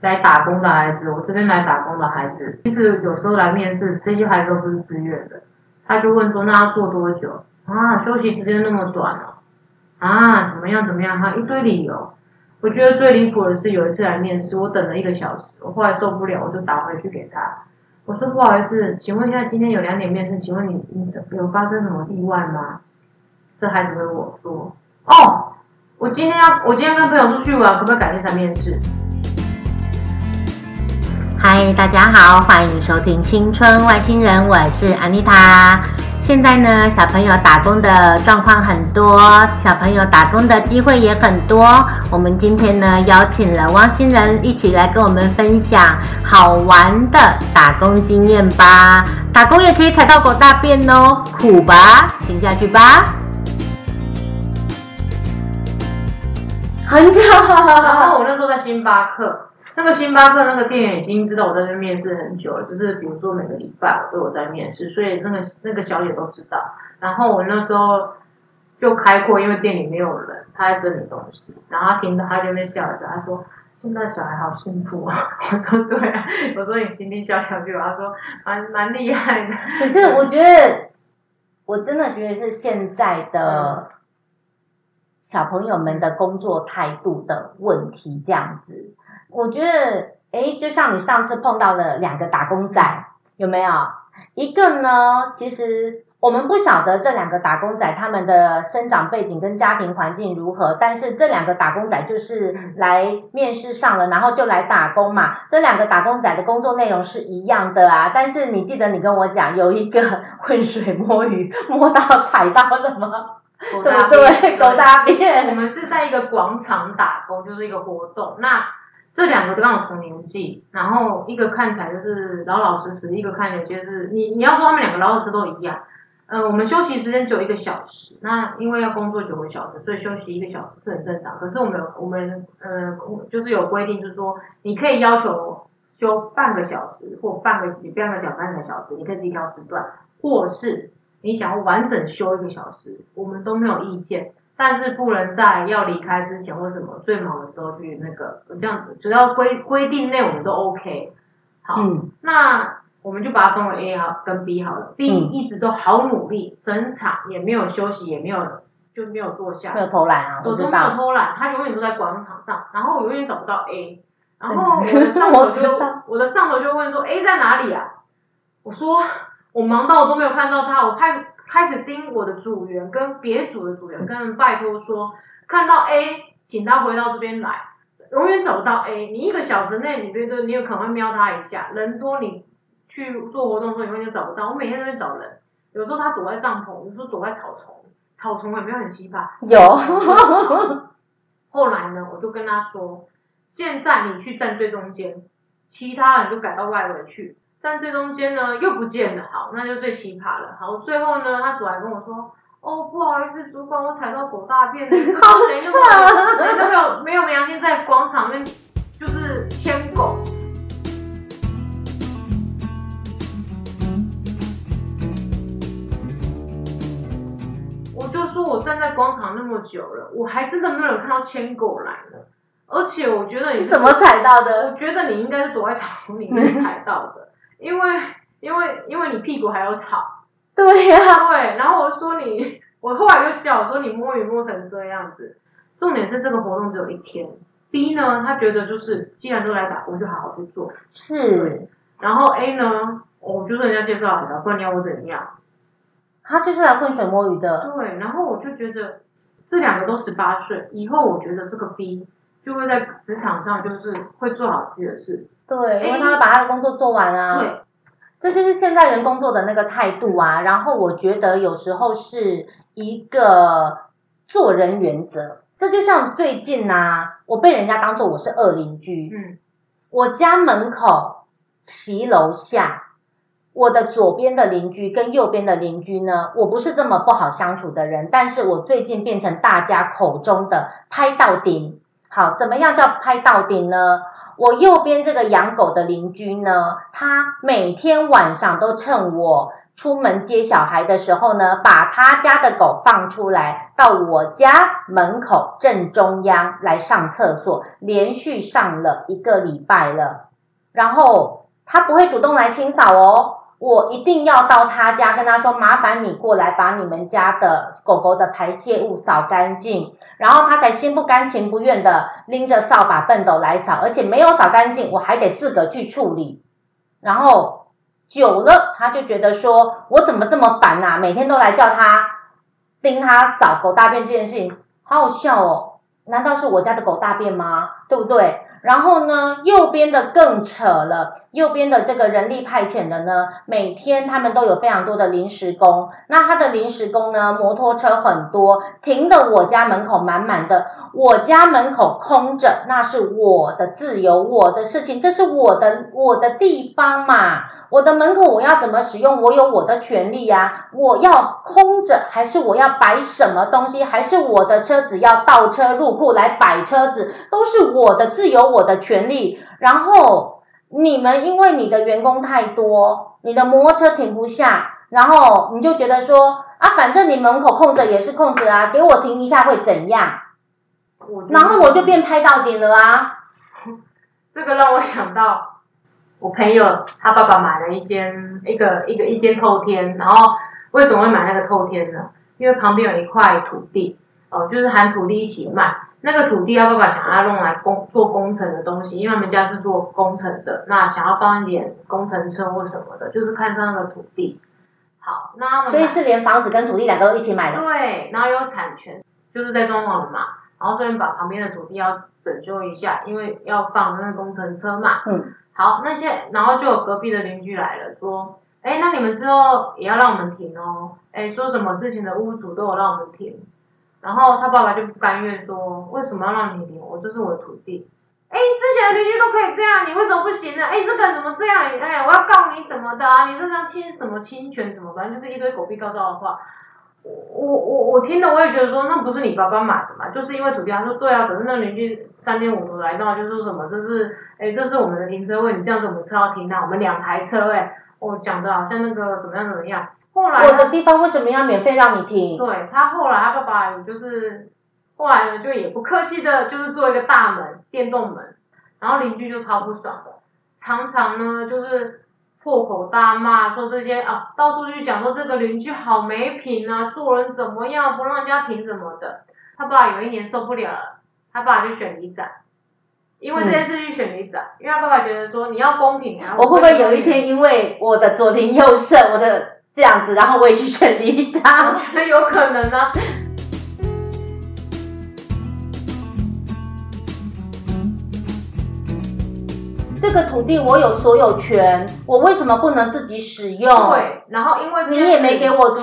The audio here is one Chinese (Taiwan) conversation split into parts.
來打工的孩子，我這邊來打工的孩子，其實有時候來面試，這些孩子都不是自願的。他就問說：“那要做多久？啊，休息時間那麼短啊，哦，啊，怎麼樣怎麼樣？”他一堆理由。我覺得最離譜的是有一次來面試，我等了一個小時，我後來受不了，我就打回去給他，我說：“不好意思，請問一下今天有兩點面試，請問你你有發生什麼意外嗎？”這孩子跟我說：“哦，我今天要我今天跟朋友出去玩，可不可以改天再面試？”嗨，Hi, 大家好，歡迎收聽《青春外星人》，我是 Anita。現在呢，小朋友打工的狀況很多，小朋友打工的機會也很多。我們今天呢，邀請了汪星人一起來跟我們分享好玩的打工經驗吧。打工也可以踩到狗大便哦，苦吧，聽下去吧。寒假，然後我那時候在星巴克。那個星巴克那個店員已經知道我在那面試很久了，就是比如說每個禮拜我都有在面試，所以那個那個小姐都知道。然後我那時候就開闊，因為店裡沒有人，她在整理東西，然後她聽到，她就在那笑了，她說：“現在小孩好幸福啊、哦。”我說：“對啊。”我說：“你今天笑小朋友？”她說蠻：“蠻蠻厲害的。”可是我覺得，嗯、我真的覺得是現在的。小朋友們的工作態度的問題，這樣子，我覺得，誒，就像你上次碰到了兩個打工仔，有沒有？一個呢，其實我們不曉得這兩個打工仔他們的生長背景跟家庭環境如何，但是這兩個打工仔就是來面試上了， 然後就來打工嘛。這兩個打工仔的工作內容是一樣的啊，但是你記得你跟我講，有一個渾水摸魚、摸到踩到的嗎？對對，狗大便。我們是在一個廣場打工，就是一個活動。那這兩個都跟我同年紀，然後一個看起來就是老老實實，一個看起來就是你你要說他們兩個老老實實都一樣。嗯、呃、我們休息時間只有一個小時，那因為要工作九個小時，所以休息一個小時是很正常。可是我們有我們呃，就是有規定，就是說你可以要求休半個小時或半個，你不要講半個小時，你可以自己挑時段，或是。你想要完整休一個小時，我們都沒有意見。但是不能在要離開之前或什麼最忙的時候去那個，這樣子，只要規規定內我們都 OK。好，嗯、那我們就把它分為 A 啊，跟 B 好了。嗯、B 一直都好努力，整場也沒有休息，也沒有就沒有坐下，沒有偷懶啊，我都沒有偷懶，他永遠都在廣場上。然後我永遠找不到 A。然後我的上頭就，嗯、我，我的上頭就問說 A 在哪裡啊？我說。我忙到我都沒有看到他，我開開始盯我的組員跟別組的組員，跟拜托說看到 A，請他回到這邊來，永遠找不到 A。你一個小時內，你最多你有可能會瞄他一下，人多你去做活動的時候，永遠就找不到。我每天都在找人，有時候他躲在帳篷，有時候躲在草叢，草叢有沒有很奇葩？有。 後來呢，我就跟他說，現在你去站最中間，其他人就趕到外圍去。但最中間呢又不見了，好，那就最奇葩了。好，最後呢，他走來跟我說：“哦，不好意思，主管，我踩到狗大便了。啊”沒有沒有沒有良心，在廣場面，就是牽狗。我就說，我站在廣場那麼久了，我還真的沒有看到牽狗來了。而且我覺得你怎麼踩到的？我覺得你應該是躲在草裡面踩到的。 因為因為因為你屁股還有草，對呀、啊，對，然後我說你，我後來就笑，我說你摸魚摸成這樣子，重點是這個活動只有一天。B 呢，他覺得就是既然都來打工，就好好去做。是，然後 A 呢，我就是人家介紹來的，管你要我怎樣，他就是來混水摸魚的。對，然後我就覺得這兩個都十八歲，以後我覺得這個 B。就會在職場上，就是會做好自己的事，對，因為他把他的工作做完啊。對、欸，這就是現代人工作的那個態度啊。嗯、然後我覺得有時候是一個做人原則。這就像最近啊，我被人家當做我是惡鄰居。嗯，我家門口騎樓下，我的左邊的鄰居跟右邊的鄰居呢，我不是這麼不好相處的人，但是我最近變成大家口中的歹鬥陣好，怎麼樣叫拍到頂呢？我右邊這個養狗的鄰居呢，他每天晚上都趁我出門接小孩的時候呢，把他家的狗放出來到我家門口正中央來上廁所，連續上了一個禮拜了，然後他不會主動來清掃哦。我一定要到他家跟他說，麻煩你過來把你們家的狗狗的排泄物掃乾淨。然後他才心不甘情不願地拎着掃把畚斗來掃，而且沒有掃乾淨，我還得自個兒去處理。然後久了，他就覺得說我怎麼這麼煩吶、啊，每天都來叫他盯他掃狗大便這件事情，好好笑哦。難道是我家的狗大便嗎？對不對？然後呢，右邊的更扯了。右邊的這個人力派遣的呢，每天他們都有非常多的臨時工。那他的臨時工呢，摩托車很多，停的我家門口滿滿的。我家門口空着，那是我的自由，我的事情，這是我的，我的地方嘛？我的門口我要怎麼使用？我有我的權利呀！我要空着，還是我要擺什麼東西？還是我的車子要倒車入庫來擺車子？都是我的自由，我的權利。然後。你們，因為你的員工太多，你的摩托車停不下，然後你就覺得說啊，反正你門口空着也是空着啊，給我停一下會怎樣？我就…然後我就變拍到點了啊！這個讓我想到，我朋友他爸爸買了一間一個、一個、一個、一間透天，然後為什麼會買那個透天呢？因為旁邊有一塊土地。哦，就是含土地一起賣，那個，土地要不要，想要弄來工做工程的東西，因為他們家是做工程的，那想要放一點工程車或什麼的，就是看上那個土地。好，那我們所以是連房子跟土地兩個都一起買的，對，然後有產權，就是在裝潢嘛，然後這邊把旁邊的土地要整修一下，因為要放那個工程車嘛。嗯，好，那些然後就有隔壁的鄰居來了，說，哎、欸，那你們之後也要讓我們停哦、喔，哎、欸，說什麼之前的屋主都有讓我們停。然後他爸爸就不甘願說，為什麼要讓你停？我這是我的土地。哎，之前的鄰居都可以這樣，你為什麼不行呢？啊？哎，這個怎麼這樣？哎，我要告你怎麼的啊？你這叫侵什麼侵權怎麼辦？反正就是一堆狗屁告狀的話。我我我，我聽的我也覺得說，那不是你爸爸買的嘛？就是因為土地，他說對啊，可是那鄰居三天五頭來鬧，就說、是、什麼這是哎這是我們的停車位，你這樣子我們車要停哪？啊？我們兩台車位、欸。我、哦、講的好像那個怎麼樣怎麼樣。後來我的地方為什麼要免費讓你停？嗯、對他後來，他爸爸也就是後來呢，就也不客氣的，就是做一個大門電動門，然後鄰居就超不爽的，常常呢就是破口大罵，說這些啊，到處去講說這個鄰居好沒品啊，做人怎麼樣，不讓人家停什麼的。他爸爸有一年受不了了，他爸爸就選里長，因為這件事情選里長。嗯、因為他爸爸覺得說你要公平啊。我會不會有一天因為我的左鄰右舍，我的。這樣子，然後我也去選離我覺得有可能啊。這個土地我有所有權，我為什麼不能自己使用？對，然後因為你也沒給我租，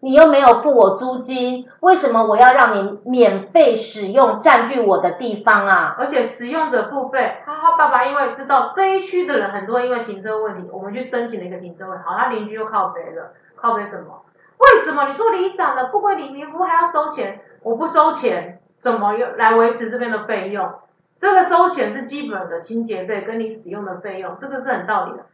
你又沒有付我租金，為什麼我要讓你免費使用佔據我的地方啊？而且使用者付費。.爸爸因為知道這一區的人很多，因為停車問題，我們去申請了一個停車位。好，他鄰居又靠北了，靠北什麼？為什麼你做理事長了，不歸李明不會還要收錢？我不收錢，怎麼用來維持這邊的費用？這個收錢是基本的清潔費跟你使用的費用，這個是很道理的。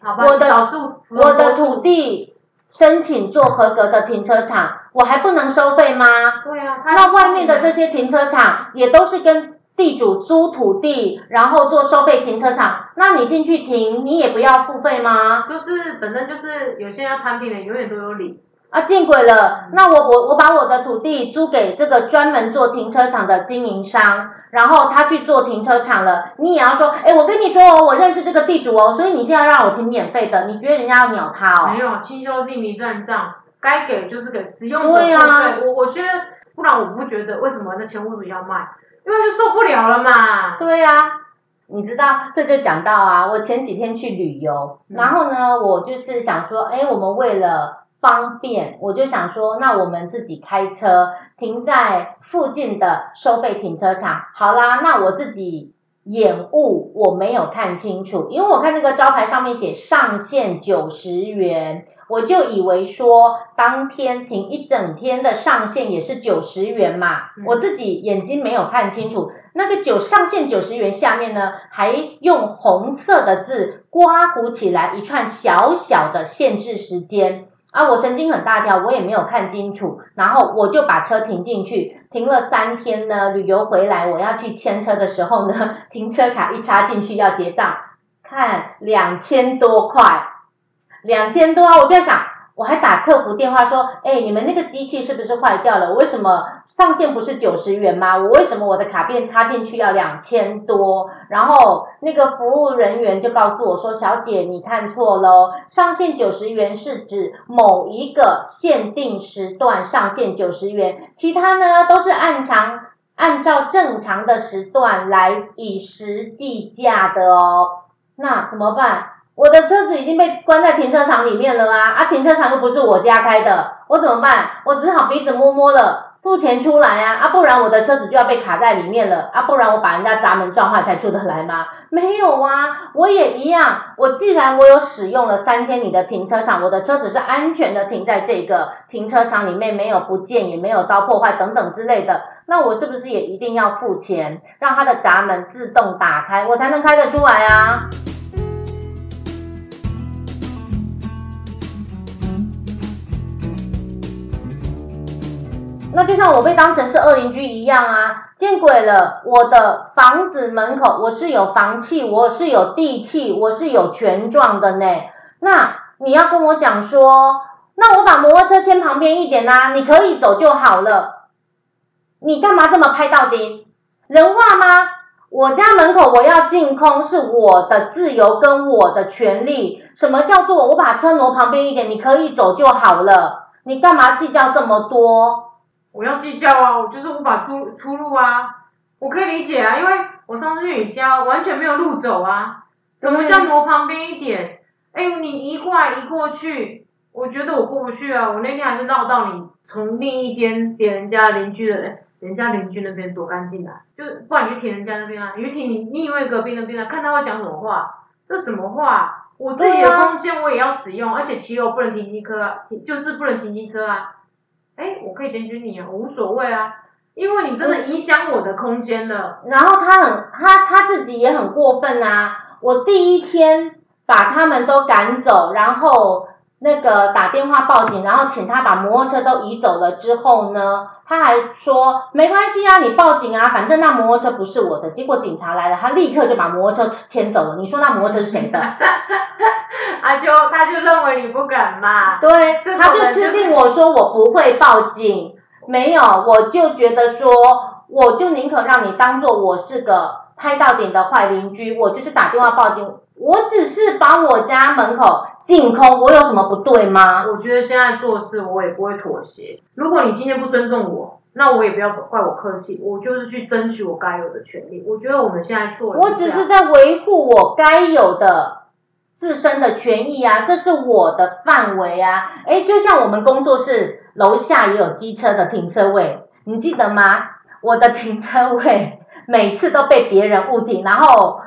好吧，我的，我的土地申請做合格的停車場，我還不能收費嗎？對啊，那外面的這些停車場也都是跟。地主租土地，然後做收費停車場，那你進去停，你也不要付費嗎？就是，本身就是有些要貪便宜，永遠都有理。啊，見鬼了！嗯、那我我我把我的土地租給這個專門做停車場的經營商，然後他去做停車場了，你也要說，哎，我跟你說哦，我認識這個地主哦，所以你現在讓我停免費的，你覺得人家要鳥他哦？沒有，親兄弟明算賬，該給就是給，使用者付費。對啊、我我覺得。不然我不覺得，為什麼那錢，為什麼要賣？因為就受不了了嘛。對呀、啊，你知道這就講到啊。我前幾天去旅遊，嗯、然後呢，我就是想說，哎，我們為了方便，我就想說，那我們自己開車停在附近的收費停車場。好啦，那我自己眼霧，我沒有看清楚，因為我看那個招牌上面寫上限九十元。我就以為說，當天停一整天的上限也是九十元嘛，我自己眼睛沒有看清楚。那個九上限九十元下面呢，還用紅色的字括弧起來一串小小的限制時間，啊，我神經很大條，我也沒有看清楚，然後我就把車停進去，停了三天呢，旅遊回來我要去牽車的時候呢，停車卡一插進去要結賬，看兩千多塊。兩千多啊！我就在想，我還打客服電話說：“哎，你們那個機器是不是壞掉了？為什麼上限不是九十元嗎？我為什麼我的卡片插進去要兩千多？”然後那個服務人員就告訴我說：“小姐，你看錯咯，上限九十元是指某一個限定時段上限九十元，其他呢都是按常按照正常的時段來以實際價的哦。”那怎麼辦？我的車子已經被關在停車場裡面了啦！啊，停車場又不是我家開的，我怎麼辦？我只好鼻子摸摸了，付錢出來啊，啊，不然我的車子就要被卡在裡面了！啊，不然我把人家閘門撞壞才出得來嗎？沒有啊，我也一樣。我既然我有使用了三天你的停車場，我的車子是安全的停在這個停車場裡面，沒有不見也沒有遭破壞等等之類的，那我是不是也一定要付錢，讓他的閘門自動打開，我才能開得出來啊？那就像我被當成是惡鄰居一樣啊！見鬼了！我的房子門口，我是有房契，我是有地契，我是有權狀的呢。那你要跟我講說，那我把摩托車牽旁邊一點啊，你可以走就好了。你幹嘛這麼拍到底？人話嗎？我家門口我要淨空是我的自由跟我的權利。什麼叫做我把車挪旁邊一點，你可以走就好了？你幹嘛計較這麼多？我要計較啊！我就是無法出出入啊！我可以理解啊，因為我上次去你家完全沒有路走啊。對對，怎麼叫挪旁邊一點？哎，你一過來一過去，我覺得我過不去啊！我那天還是繞到你從另一邊別人家鄰居的人，人家鄰居那邊多乾淨啊！就是不然你就停人家那邊啊，你就停你你以為隔壁那邊啊，看他會講什麼話？這什麼話、啊？我自己的空間我也要使用，啊、而且騎樓不能停機車，就是不能停機車啊。哎，我可以點居你啊，無所謂啊，因為你真的影響我的空間了。嗯，然後他很他他自己也很過分啊，我第一天把他們都趕走，然後。那個打電話報警，然後請他把摩托車都移走了之後呢，他還說沒關係啊，你報警啊，反正那摩托車不是我的。結果警察來了，他立刻就把摩托車牽走了。你說那摩托車是誰的？哈哈哈，他就他就認為你不敢嘛？對，就他就吃定我說我不會報警，沒有，我就覺得說，我就寧可讓你當做我是個拍到點的壞鄰居，我就是打電話報警，我只是把我家門口。淨空，我有什麼不對嗎？我覺得現在做的事，我也不會妥協。如果你今天不尊重我，那我也不要怪我客氣，我就是去爭取我該有的權利。我覺得我們現在做，我只是在維護我該有的自身的權益啊，這是我的範圍啊。誒、欸、就像我們工作室樓下也有機車的停車位，你記得嗎？我的停車位每次都被別人誤停，然後。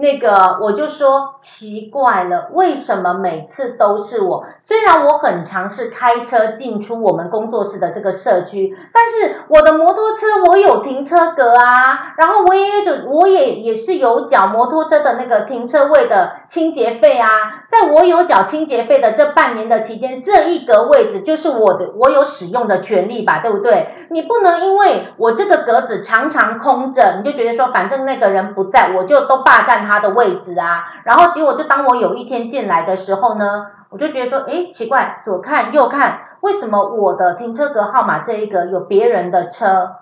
那個，我就說奇怪了，為什麼每次都是我？雖然我很常是開車進出我們工作室的這個社區，但是我的摩托車我有停車格啊，然後我也有，我也也是有繳摩托車的那個停車位的清潔費啊。在我有繳清潔費的這半年的期間，這一格位置就是我的，我有使用的權利吧，對不對？你不能因為我這個格子常常空着，你就覺得說反正那個人不在，我就都霸占他的位置啊。然後結果就當我有一天進來的時候呢，我就覺得說，誒，奇怪，左看右看，為什麼我的停車格號碼這一格有別人的車，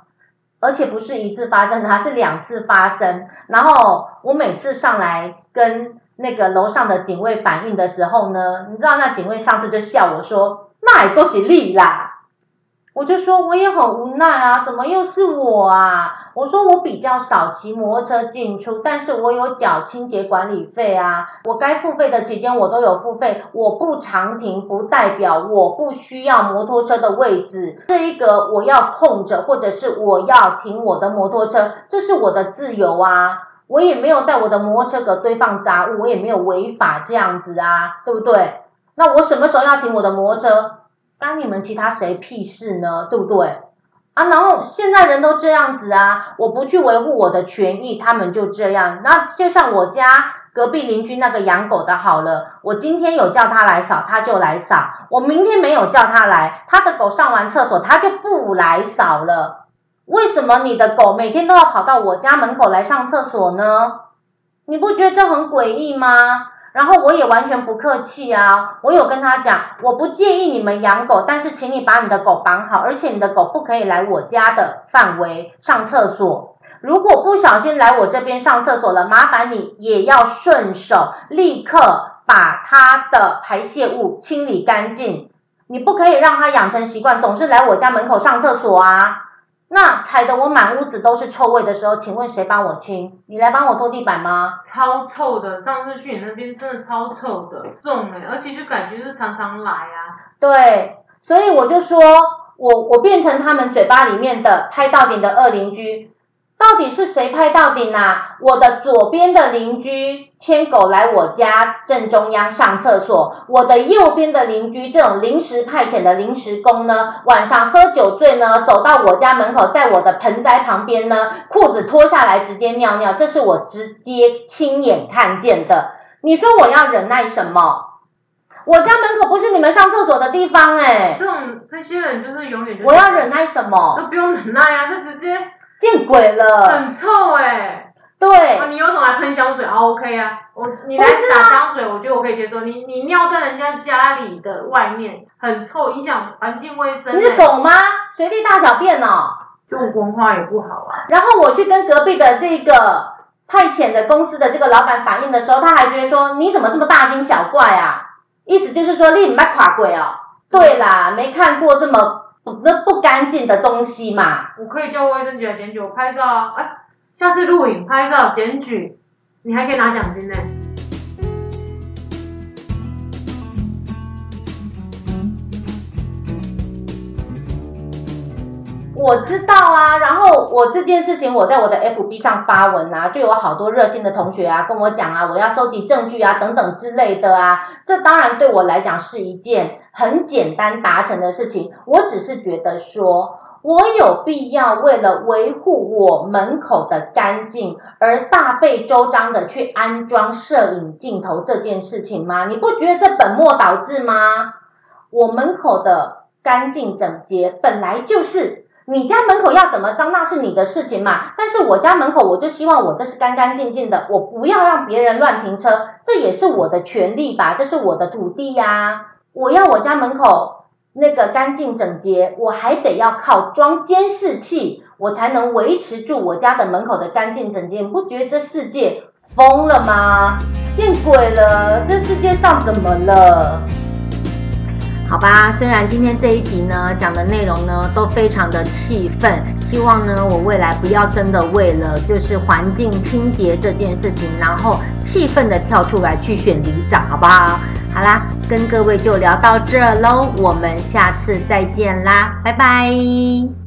而且不是一次發生的，它是兩次發生。然後我每次上來跟那個樓上的警衛反映的時候呢，你知道那警衛上次就笑我說，那也夠犀利啦。我就說我也很無奈啊，怎麼又是我啊？我說我比較少騎摩托車進出，但是我有繳清潔管理費啊，我該付費的時間我都有付費，我不常停不代表我不需要摩托車的位置，這一格我要空着，或者是我要停我的摩托車，這是我的自由啊，我也沒有在我的摩托車格堆放雜物，我也沒有違法這樣子啊，對不對？那我什麼時候要停我的摩托車？關、啊、你們其他誰屁事呢？對不對？啊，然後現在人都這樣子啊，我不去維護我的權益，他們就這樣。那就像我家隔壁鄰居那個養狗的，好了，我今天有叫他來掃，他就來掃；我明天沒有叫他來，他的狗上完廁所，他就不來掃了。為什麼你的狗每天都要跑到我家門口來上廁所呢？你不覺得這很詭異嗎？然後我也完全不客氣啊！我有跟他講，我不建議你們養狗，但是請你把你的狗綁好，而且你的狗不可以來我家的範圍上廁所。如果不小心來我這邊上廁所了，麻煩你也要順手立刻把它的排泄物清理乾淨。你不可以讓它養成習慣，總是來我家門口上廁所啊！那踩得我滿屋子都是臭味的時候，請問誰幫我清？你來幫我拖地板嗎？超臭的，上次去你那邊真的超臭的，重哎、欸，而且就感覺是常常來啊。對，所以我就說，我我變成他們嘴巴裡面的拍到你的惡鄰居。到底是誰派到頂呢？我的左邊的鄰居牽狗來我家正中央上廁所，我的右邊的鄰居這種臨時派遣的臨時工呢，晚上喝酒醉呢，走到我家門口，在我的盆栽旁邊呢，褲子脫下來直接尿尿，這是我直接親眼看見的。你說我要忍耐什麼？我家門口不是你們上廁所的地方誒、欸。這種這些人就是永遠、就是，我要忍耐什麼？那不用忍耐啊，那直接。見鬼了！很臭哎、欸，對、啊。你有種來噴香水啊？OK 啊，我你來打香水，啊、我覺得我可以接受。你你尿在人家家裡的外面，很臭，影響環境衛生、欸。你是狗嗎？隨地大小便哦、喔，就文化也不好啊。然後我去跟隔壁的這個派遣的公司的這個老板反映的時候，他還覺得說你怎麼這麼大驚小怪啊？意思就是說你蠻垮鬼哦。對啦，嗯、沒看過這麼。.那不，不乾淨的東西嘛！我可以叫衛生局來檢舉，我拍照啊！哎、啊，下次錄影拍照檢舉，你還可以拿獎金呢。我知道啊，然後我這件事情我在我的 FB 上發文啊，就有好多熱心的同學啊跟我講啊，我要收集證據啊等等之類的啊。這當然對我來講是一件很簡單達成的事情。我只是覺得說，我有必要為了維護我門口的乾淨而大費周章的去安裝攝影鏡頭這件事情嗎？你不覺得這本末倒置嗎？我門口的乾淨整潔本來就是。你家門口要怎麼髒那是你的事情嘛，但是我家門口我就希望我這是干干淨淨的，我不要讓別人亂停車，這也是我的權利吧，這是我的土地呀、啊，我要我家門口那個乾淨整潔，我還得要靠裝監視器，我才能維持住我家的門口的乾淨整潔，你不覺得這世界瘋了嗎？見鬼了，這世界上怎麼了？好吧，雖然今天這一集呢講的內容呢都非常的氣憤，希望呢我未來不要真的為了就是環境清潔這件事情，然後氣憤的跳出來去選里長，好不好？好啦，跟各位就聊到這嘍，我們下次再見啦，拜拜。